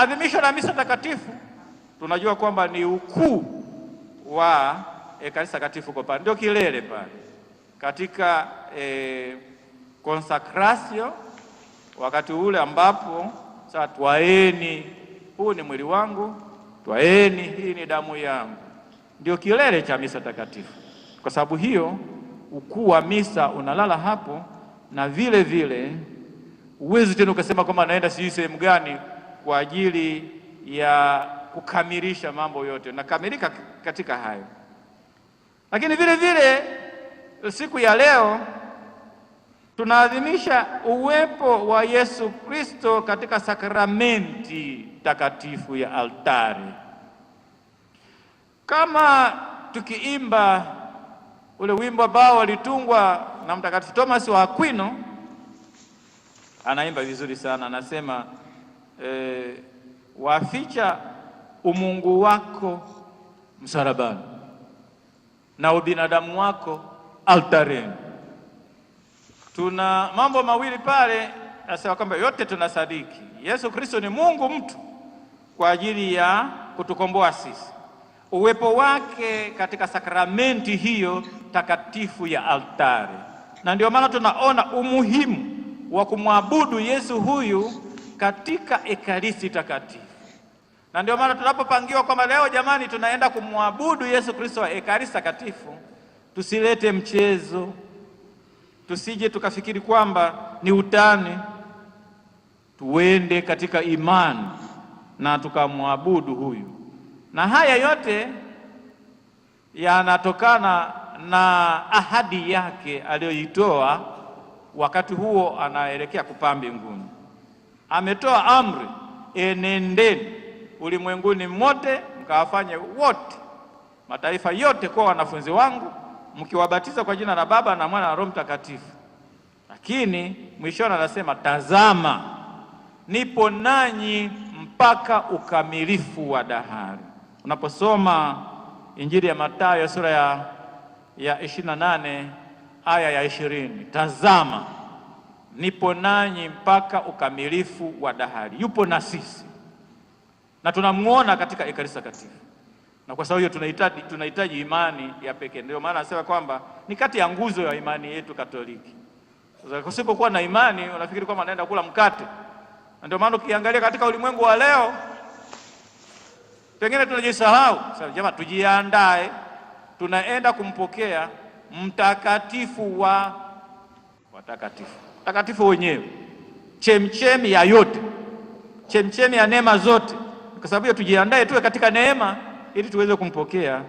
Adhimisho la misa takatifu tunajua kwamba ni ukuu wa Ekaristi takatifu kwa pale, ndio kilele pale katika e, consecratio, wakati ule ambapo sasa twaeni, huu ni mwili wangu, twaeni, hii ni damu yangu, ndio kilele cha misa takatifu. Kwa sababu hiyo ukuu wa misa unalala hapo, na vile vile huwezi tena ukasema kwamba naenda sijui sehemu gani kwa ajili ya kukamilisha mambo yote, nakamilika katika hayo. Lakini vile vile siku ya leo tunaadhimisha uwepo wa Yesu Kristo katika sakramenti takatifu ya altari. Kama tukiimba ule wimbo ambao walitungwa na Mtakatifu Thomas wa Aquino, anaimba vizuri sana, anasema eh, waficha umungu wako msalabani na ubinadamu wako altareni. Tuna mambo mawili pale, nasema kwamba yote tunasadiki Yesu Kristo ni Mungu mtu kwa ajili ya kutukomboa sisi. Uwepo wake katika sakramenti hiyo takatifu ya altare, na ndio maana tunaona umuhimu wa kumwabudu Yesu huyu katika Ekaristi Takatifu. Na ndio maana tunapopangiwa kwamba leo jamani, tunaenda kumwabudu Yesu Kristo wa Ekaristi Takatifu, tusilete mchezo, tusije tukafikiri kwamba ni utani. Tuende katika imani na tukamwabudu huyu, na haya yote yanatokana na ahadi yake aliyoitoa wakati huo anaelekea kupaa mbinguni ametoa amri, enendeni ulimwenguni mote mkawafanye wote mataifa yote kuwa wanafunzi wangu mkiwabatiza kwa jina la Baba na Mwana na Roho Mtakatifu. Lakini mwishoni anasema tazama, nipo nanyi mpaka ukamilifu wa dahari. Unaposoma Injili ya Mathayo sura ya, ya 28 aya ya ishirini, tazama nipo nanyi mpaka ukamilifu wa dahari. Yupo na sisi na tunamwona katika Ekaristi Takatifu, na kwa sababu hiyo tunahitaji tunahitaji imani ya pekee. Ndio maana anasema kwamba ni kati ya nguzo ya imani yetu Katoliki. Sasa usipokuwa na imani unafikiri kwamba anaenda kula mkate, na ndio maana ukiangalia katika ulimwengu wa leo pengine tunajisahau. Sasa jamaa, tujiandae, tunaenda kumpokea mtakatifu wa watakatifu. Watakatifu wenyewe chemchemi ya yote, chemchemi ya neema zote. Kwa sababu hiyo, tujiandae tuwe katika neema ili tuweze kumpokea,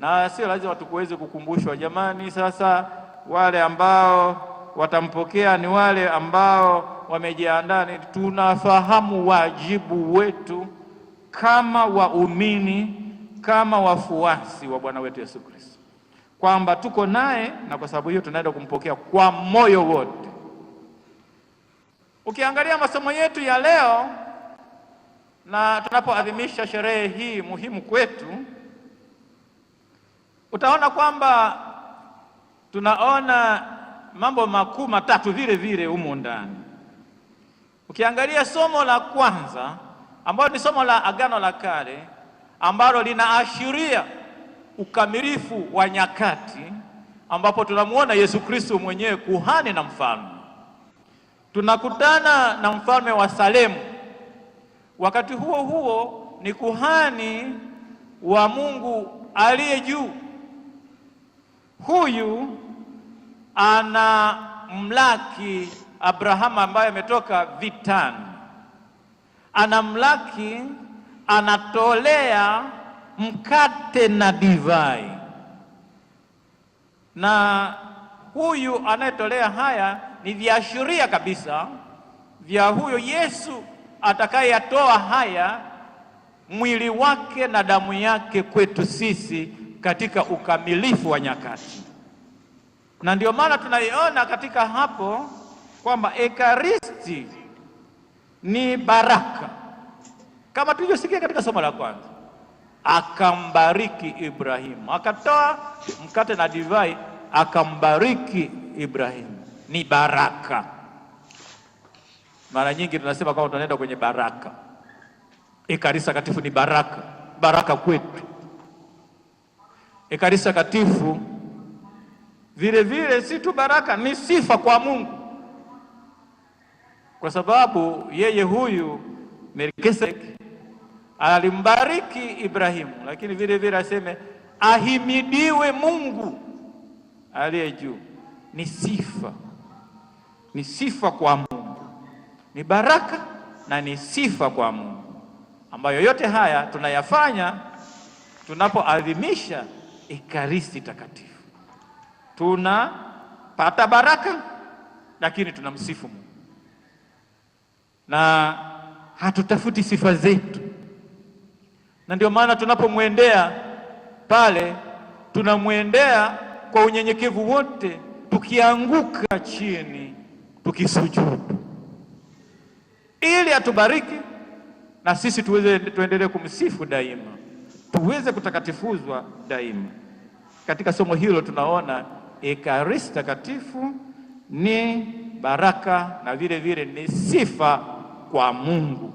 na sio lazima watukuweze kukumbushwa. Jamani, sasa wale ambao watampokea ni wale ambao wamejiandaa. Tunafahamu wajibu wetu kama waumini, kama wafuasi wa Bwana wetu Yesu Kristo kwamba tuko naye na kwa sababu hiyo tunaenda kumpokea kwa moyo wote. Ukiangalia masomo yetu ya leo na tunapoadhimisha sherehe hii muhimu kwetu, utaona kwamba tunaona mambo makuu matatu vile vile humo ndani. Ukiangalia somo la kwanza ambalo ni somo la Agano la Kale ambalo linaashiria ukamilifu wa nyakati ambapo tunamwona Yesu Kristo mwenyewe kuhani na mfalme. Tunakutana na mfalme wa Salemu, wakati huo huo ni kuhani wa Mungu aliye juu. Huyu ana mlaki Abrahamu ambaye ametoka vitani, ana mlaki, anatolea mkate na divai. Na huyu anayetolea haya ni viashiria kabisa vya huyo Yesu atakayeyatoa haya, mwili wake na damu yake kwetu sisi katika ukamilifu wa nyakati. Na ndio maana tunaiona katika hapo kwamba ekaristi ni baraka, kama tulivyosikia katika somo la kwanza akambariki Ibrahimu, akatoa mkate na divai akambariki Ibrahimu. Ni baraka. Mara nyingi tunasema kama tunaenda kwenye baraka. Ekaristi Takatifu ni baraka, baraka kwetu. Ekaristi Takatifu vile vile si tu baraka, ni sifa kwa Mungu, kwa sababu yeye huyu Melkisedeki alimbariki Ibrahimu, lakini vile vile aseme ahimidiwe Mungu aliye juu. Ni sifa, ni sifa kwa Mungu, ni baraka na ni sifa kwa Mungu, ambayo yote haya tunayafanya tunapoadhimisha Ekaristi Takatifu. Tunapata baraka, lakini tunamsifu Mungu na hatutafuti sifa zetu na ndio maana tunapomwendea pale tunamwendea kwa unyenyekevu wote, tukianguka chini, tukisujudu ili atubariki na sisi tuweze tuendelee kumsifu daima, tuweze kutakatifuzwa daima. Katika somo hilo tunaona Ekaristi takatifu ni baraka na vile vile ni sifa kwa Mungu.